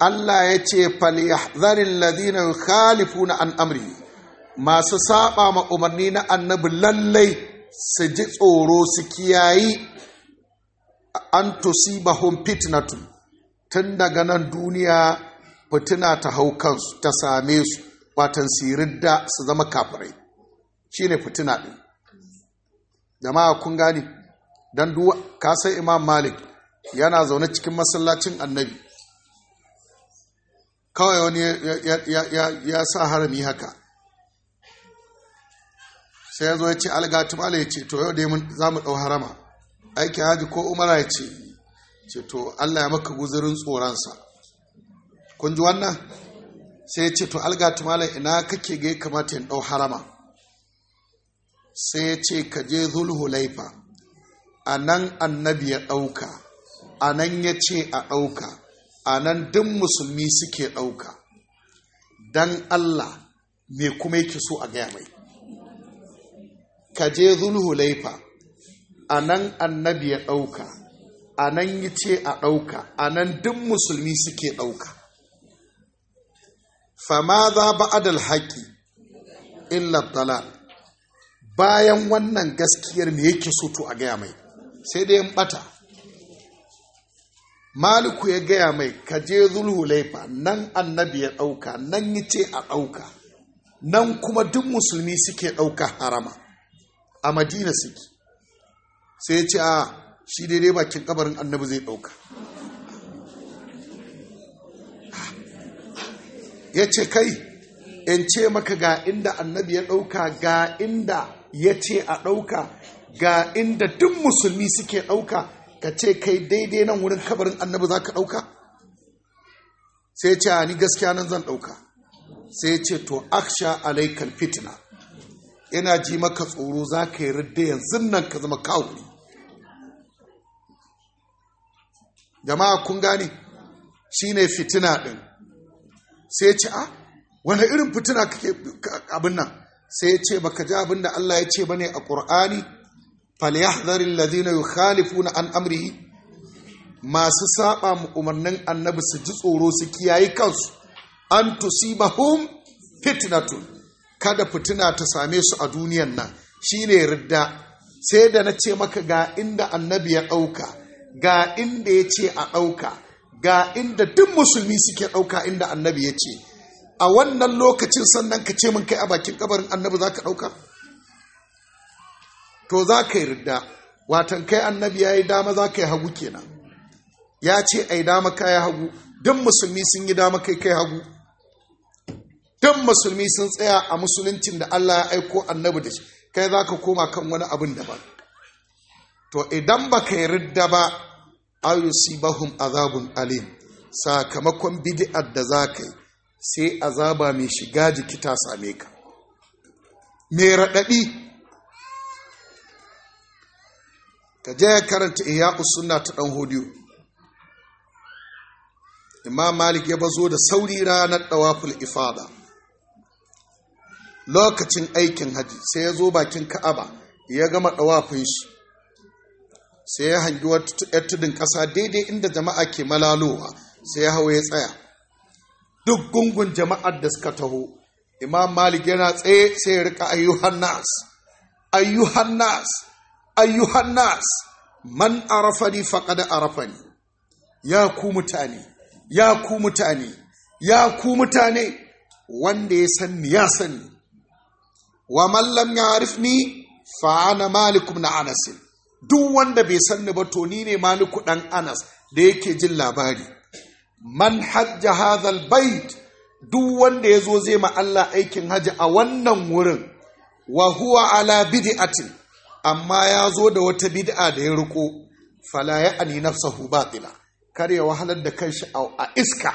Allah ya ce falyahzarin ladina na an amri masu saba ma umarni na annabi lallai su ji tsoro su kiyayi an tusibahum fitnatu tun daga nan duniya fitina ta hau kansu ta same su watan siridda su zama kafirai shine fitina din jama'a kun gani don duwa ka imam malik yana zaune cikin masallacin annabi kawai wani ya sa harami haka sai ya zo ya ce algatu mala ya ce to yau dai za mu ɗau harama aikin haji ko umara ya ce ce to allah ya maka guzurin tsoronsa kun ji wannan sai ya ce to algatu mala ina kake ga kamata in ɗau harama sai ya ce ka je Zulhu Laifa. a nan annabi ya ɗauka a nan ya ce a ɗauka a nan duk musulmi suke ɗauka don allah me kuma yake so a gaya mai ka je zulhulaifa a nan annabi ya ɗauka a nan yi ce a ɗauka a nan duk musulmi suke ɗauka fama za ba adal haƙi illa talal bayan wannan gaskiyar me yake so to a gaya mai sai dai in ɓata maliku ya gaya mai ka je zulhulaifa nan annabi ya ɗauka nan yi ce a ɗauka nan kuma duk musulmi suke ɗauka harama a madina suke sai ya ce a shi daidai bakin kabarin annabi zai ɗauka ya ce kai in ce maka ga inda annabi ya ɗauka ga inda ya ce a ɗauka ga inda duk musulmi suke ɗauka ka ce kai daidai nan wurin kabarin annabi za ka ɗauka sai ce a ni gaskiya nan zan ɗauka sai ce to aksha alaikal fitina yana ji maka tsoro za ka yi ridda yanzu nan ka zama kawuri jama'a kun gane shi ne fitina ɗin sai ce a wani irin fitina kake abin nan sai ce baka ji abin da Allah ya ce ba ne a ƙur'ani falyahdharil ladina yukhalifuna an amrihi masu saba mu umarnin annabi su ji tsoro su kiyaye kansu an tusibahum fitnatun kada fitina ta same su a duniyan nan shine ridda sai da na ce maka ga inda annabi ya ɗauka ga inda ya ce a ɗauka ga inda duk musulmi suke ɗauka inda annabi ya ce a wannan lokacin sannan ka ce min kai a bakin kabarin annabi za ka ɗauka to za ka yi ridda watan kai annabi ya yi dama za ka yi hagu kenan ya ce a yi dama ka yi hagu duk musulmi sun yi dama kai kai hagu duk musulmi sun tsaya a musuluncin da Allah ya aiko annabi da shi kai za ka koma kan wani abin daban to idan ba ka yi ridda ba ayusibahum azabun alim sakamakon bid'ar da za ka yi sai azaba mai shiga jiki ta same ka mai raɗaɗi ka je karanta iyaku suna ta dan hodiyo imam malik ya bazo da sauri ranar dawaful ifada lokacin aikin haji sai ya zo bakin ka'aba ya gama dawafin shi sai ya hangi wata tudun ƙasa daidai inda jama'a ke malalowa sai ya hau ya tsaya duk gungun jama'ar da suka taho imam malik yana tsaye sai ya rika ayyuhan nas ayyuhan nas ayyuhan nas man arafani faqad arafani ya ku mutane ya ku mutane ya ku mutane wanda ya san ni ya sani wa man lam ya'rifni fa ana malik ibn anas duk wanda bai san ni ba to ni ne maliku dan anas da yake jin labari man hajja hadha albayt duk wanda yazo zai ma Allah aikin haji a wannan wurin wa huwa ala bid'atin amma ya zo da wata bid'a da ya riko fala ya ani nafsahu batila kar ya wahalar da kanshi a iska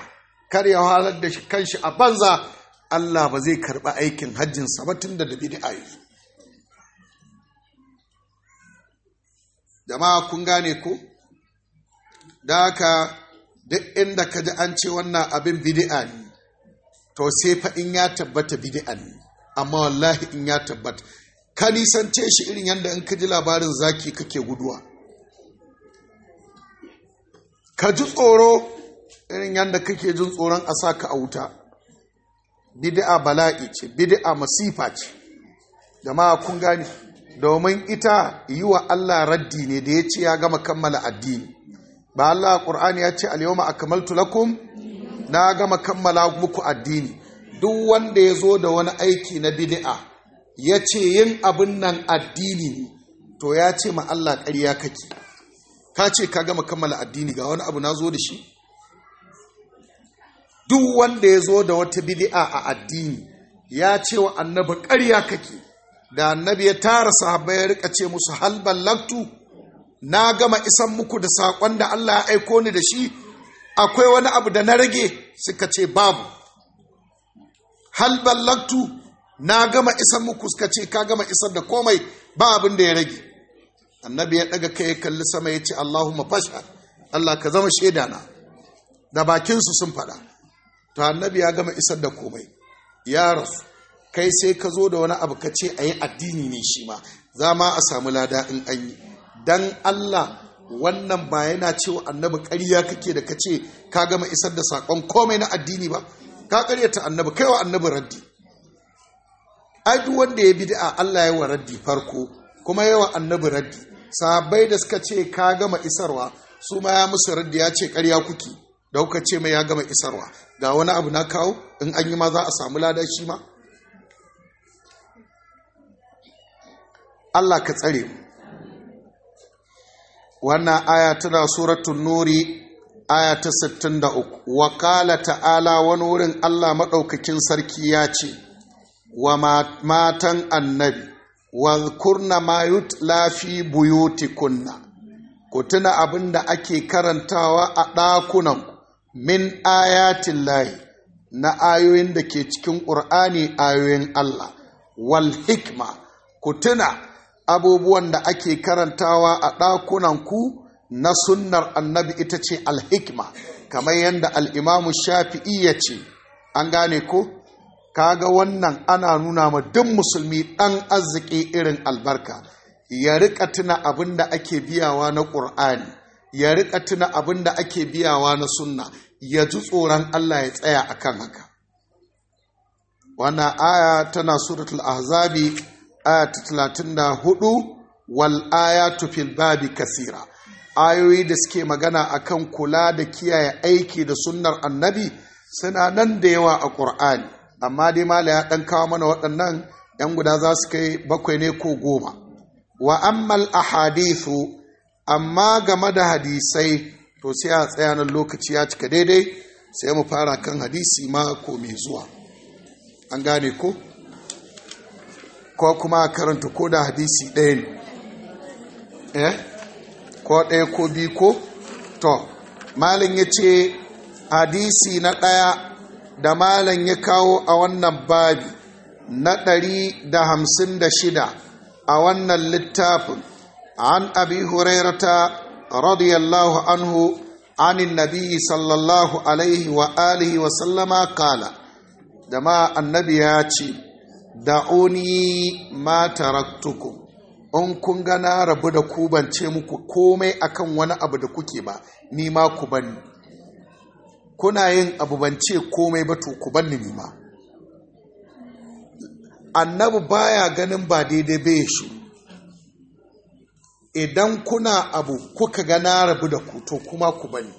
kar ya wahalar da kanshi a banza Allah ba zai karba aikin hajjin sa ba da bid'a yi jama'a kun gane ko da haka duk inda ka ji an ce wannan abin bid'a ne to sai fa in ya tabbata bid'a ne amma wallahi in ya tabbata ka nisance shi irin yadda in ka ji labarin zaki kake guduwa ka ji tsoro irin yadda kake jin tsoron a sa ka a wuta bid'a bala'i ce bid'a masifa ce jama'a kun gane domin ita yi wa Allah raddi ne da ya ce ya gama kammala addini ba Allah Qur'ani ya ce al a akmaltu lakum na gama kammala muku addini duk wanda ya zo da wani aiki na bid'a ya ce yin abin nan addini ne to ya ce ma Allah ƙarya kake ka ce ka gama kammala addini ga wani abu na zo da shi duk wanda ya zo da wata bidi'a a addini ya ce wa annabi ƙarya kake da annabi ya tara sahabbai ya rika ce musu hal ballaktu na gama isan muku da saƙon da Allah ya aiko ni da shi akwai wani abu da na rage suka ce babu hal ballaktu na gama isan muku suka ce ka gama isar da komai ba abin da ya rage annabi ya daga kai ya kalli sama ya ce Allahumma fasha Allah ka zama shaida na da bakinsu sun faɗa to annabi ya gama isar da komai ya rasu kai sai ka zo da wani abu ka ce a yi addini ne shi ma za ma a samu lada in an yi dan Allah wannan ba yana cewa annabi ƙarya kake da ka ce ka gama isar da saƙon komai na addini ba ka ƙaryata annabi kai wa annabi raddi ai duk wanda ya bid'a Allah ya wa raddi farko kuma yawa annabi raddi sahabbai da suka ce ka gama isarwa su ma ya musu raddi ya ce karya kuki, da kuka ce mai ya gama isarwa ga wani abu na kawo in an yi ma za a samu lada shi ma Allah ka tsare mu wannan aya tana suratun nuri aya ta 63 wa ta'ala wani wurin Allah maɗaukakin sarki ya ce wa matan annabi kurna ma lafi fi kunna ku tuna abin da ake karantawa a ɗakunan min ayatin layi na ayoyin da ke cikin ƙur'ani ayoyin Allah wal hikma ku tuna abubuwan da ake karantawa a ɗakunan ku na sunnar annabi ita ce alhikma kamar yadda al'imamu shafi'i ya ce an gane ko kaga wannan ana nuna ma duk musulmi ɗan arziki irin albarka ya rika tuna abin da ake biyawa na ƙur'ani ya rika tuna abin da ake biyawa na sunna ya ji tsoron Allah ya tsaya akan haka wannan aya tana suratul ahzabi aya ta talatin da hudu wal ayatu fil babi kasira ayoyi da suke magana akan kula da kiyaye aiki da sunnar annabi suna nan da yawa a ƙur'ani amma dai mala ya ɗan kawo mana waɗannan ‘yan guda za su kai bakwai ne ko goma wa a hadithu, amma game da hadisai to sai a tsaya nan lokaci ya cika daidai sai mu fara kan hadisi mako mai zuwa an gane ko ko kuma karanta ko da hadisi ɗaya ne eh ko ɗaya ko biyu ko to malin ya ce hadisi na ɗaya da malan ya kawo a wannan babi na ɗari da hamsin da shida a wannan littafin an abi hurairata radiyallahu anhu anin sallallahu alaihi wa alihi wa sallama kala da ma annabi ya ce دعوني ma تركتكم in kun gana rabu da ku bance muku komai akan wani abu da kuke ba ni ma ku bani kuna yin abu ban komai ba to ku banni nima annabi baya ganin ba daidai bai shi idan kuna abu kuka gana rabu da ku to kuma ku bani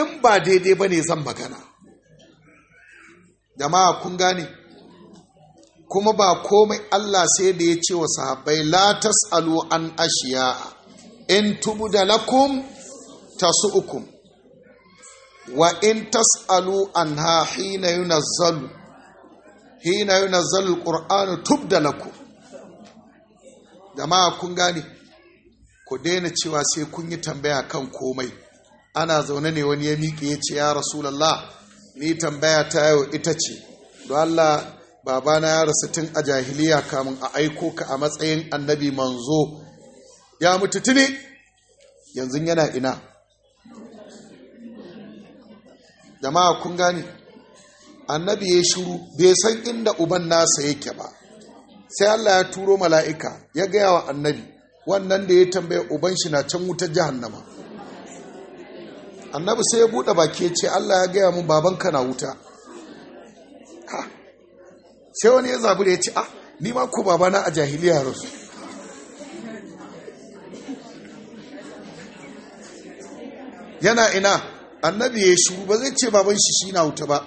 in ba daidai ba ne zan magana jama'a kun gane kuma ba komai Allah sai da ya ce wa sahabbai la tas'alu an ashiya in tubu da lakum tasu'ukum wa in tas'alu anha hina yunazzalu hina yunazzalu alqur'anu tubda lakum jama'a kun gane ku daina cewa sai kun yi tambaya kan komai ana zaune ne wani ya miƙe ya ce ya rasulallah ni tambaya ta yau ita ce don Allah babana ya rasu tun a jahiliya kamun a aiko ka a matsayin annabi manzo ya mutu tuni yanzu yana ina jama'a kun gane annabi ya shiru bai san inda uban nasa yake ba sai Allah ya turo mala'ika ya gaya wa annabi wannan da ya tambaya uban shi na can wutar jahannama annabi sai ya buɗe baki ya ce Allah ya gaya mun babanka na wuta sai wani ya zabi da ya ce ah ni ma ko babana a jahiliya rasu yana ina annabi ya shuru ba zai ce baban shi shi na wuta ba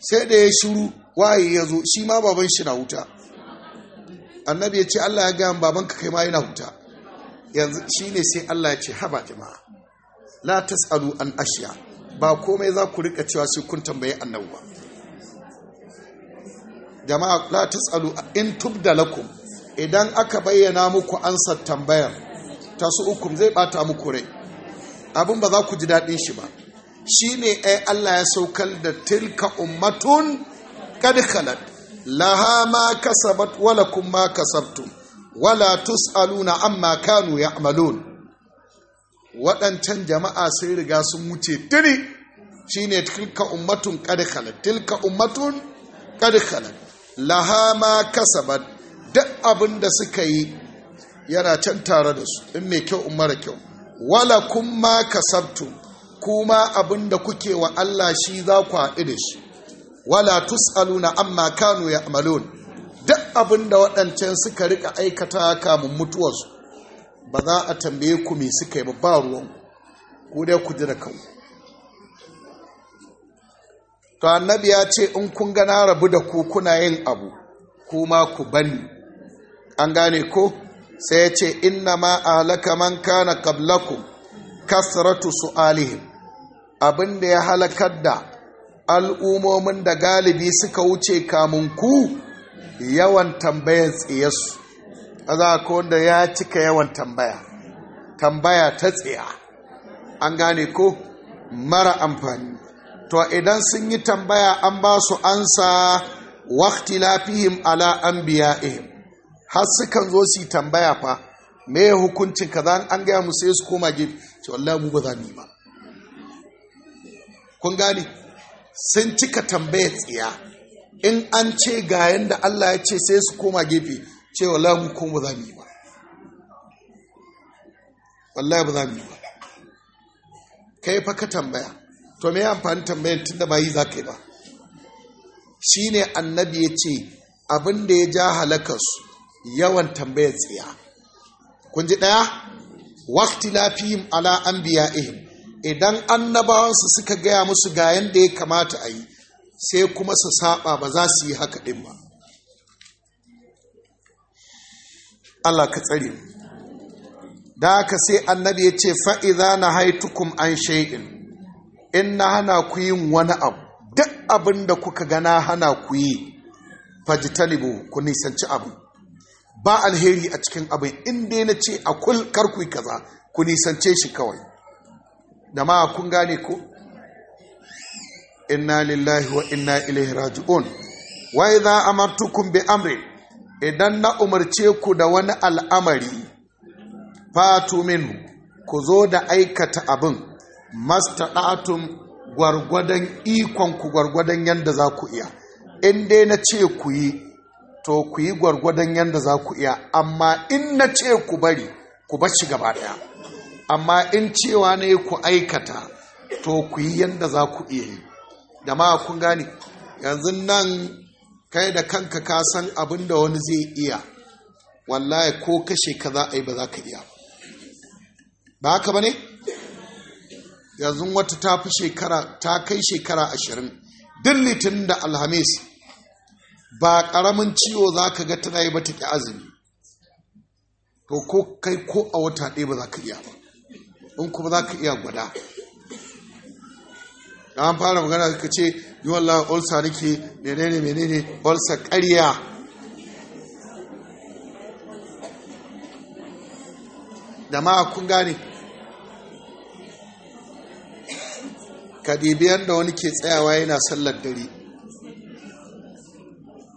sai da ya shuru waye ya zo shi ma baban shi na wuta annabi ya ce Allah ya gaya babanka kai ma yana wuta yanzu shi ne sai Allah ya ce haba jama'a la tasalu an ashiya ba komai za ku rika cewa sai kun tambaye annabi ba jama'a la tasalu in tubda lakum idan aka bayyana muku ansar tambayar tasu ukum zai bata muku rai abin ba za ku ji daɗin shi ba shi ne ai Allah ya saukar da tilka ummatun kad khalat laha ma kasabat wa lakum ma kasabtum wala tusaluna amma kanu ya'malun waɗancan jama'a sai riga sun wuce tiri shi ne tilka ummatun kad khalat tilka ummatun kad khalat laha ma kasabat duk abin da suka yi yana can tare da su in mai kyau umara mara kyau wala kun ma kasabtum kuma abin da kuke wa Allah shi za ku haɗu da shi wala tus'aluna amma kanu malu. duk abin da waɗancan suka rika aikata kamun mutuwarsu ba za a tambaye ku me suka yi ba ruwan ku dai ku jira kanku to annabi ya ce in kun ga na rabu da ku kuna yin abu kuma ku bani an gane ko sai ya ce inna ma ahlaka man kana qablakum kasratu su'alihim abin da ya halakar da al'umomin da galibi suka wuce kamun ku yawan tambayar tsiyarsu a za ko wanda ya cika yawan tambaya tambaya ta tsiya an gane ko mara amfani to idan sun yi tambaya an ba su ansa wakti lafihim ala an biya ihim har sukan zo su yi tambaya fa me hukuncin kaza an gaya mu sai su koma gefe ce wallahi mu ba za mu ba kun gane sun cika tambaya tsiya in an ce ga yadda Allah ya ce sai su koma gefe ce wallahi mu kuma za mu yi ba wallahi ba za mu yi ba kai fa ka tambaya to me amfani tambayar tunda ba yi za ka yi ba shine annabi ya ce abin da ya ja halakarsu yawan tambayar tsiya kun ji ɗaya wakti lafihim ala an biya ihim idan annabawansu suka gaya musu ga yadda ya kamata a yi sai kuma su saba ba za su yi haka ɗin ba Allah ka tsare da haka sai annabi ya ce fa'iza na haitukum an shaiɗin in na hana ku yin wani abu duk abin da kuka gana hana ku yi fajitalibu ku nisanci abu ba alheri a cikin abin inda na ce a kul karku kaza ku nisance shi kawai da ma kun gane ko inna lillahi wa inna ilaihi raji'un wa idza amartukum bi amri idan na umarce ku da wani al'amari fatu min ku zo da aikata abin mastada'atum gwargwadan ikon ku gwargwadan yanda za ku iya in dai na ce ku yi to ku yi gwargwadan yanda za ku iya amma in na ce ku bari ku bar shi gaba daya amma in cewa ne ku aikata to ku yi yadda za ku iya yi da ma kun gane yanzu nan kai da kanka ka san abin da wani zai iya wallahi ko kashe ka za a yi ba za ka iya ba haka ba ne yanzu wata ta fi shekara ta kai shekara ashirin duk litinin da alhamis ba ƙaramin ciwo za ka ga tana yi ba ta ƙi azumi to ko kai ko a wata ɗaya ba za ka iya ba in kuma za ka iya gwada da an fara magana ka ce yi wallah olsa nake menene menene olsa karya da ma kun gane ka ɗibi da wani ke tsayawa yana sallar dare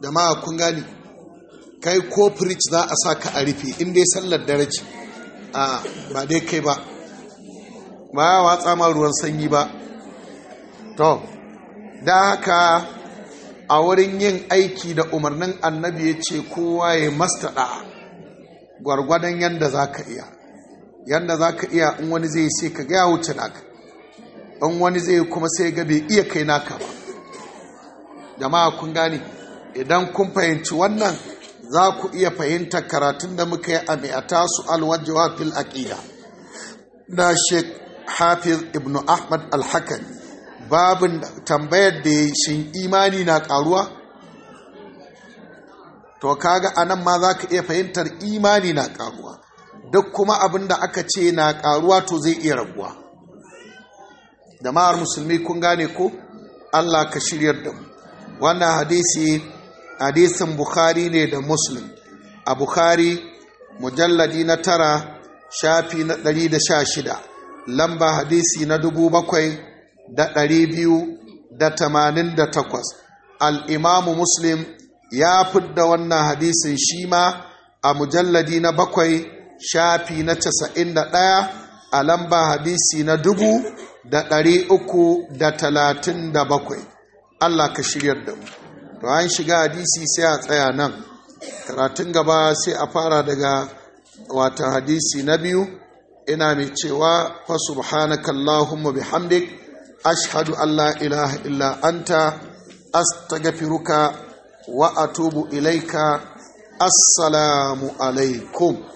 da ma kun gane kai ko firij za a sa ka a rufe inda ya sallar dare ce a ba dai kai ba ba watsa ma ruwan sanyi ba to da haka a wurin yin aiki da umarnin annabi ya ce kowa ya mastaɗa gwargwadon yadda za ka iya yadda za ka iya in wani zai sai ka gaya wuce naka in wani zai kuma sai ga bai iya kai naka ba jama'a kun gane idan kun fahimci wannan za ku iya fahimtar karatun da muka yi a mai a tasu alwajewa fil aƙida da shek hafiz ibn ahmad al-hakan babin tambayar da ya shi imani na karuwa to kaga anan ma za ka iya fahimtar imani na karuwa duk kuma abin da aka ce na karuwa to zai iya raguwa jama'ar musulmi kun gane ko allah ka shiryar da mu wannan hadisi hadisin bukhari ne da muslim a bukhari mujalladi na tara shafi na 116 lamba hadisi na dubu bakwai da ɗari biyu da tamanin da takwas al'imamu muslim ya fidda wannan hadisin shi ma a mujalladi na bakwai shafi na casa'in da ɗaya a lamba hadisi na dubu da ɗari uku da talatin da bakwai allah ka shiryar da mu to an shiga hadisi sai a tsaya nan karatun gaba sai a fara daga watan hadisi na biyu ina mai cewa fa subhanaka allahumma bihamdik ashhadu an la ilaha illa anta astaghfiruka wa atubu ilaika assalamu alaikum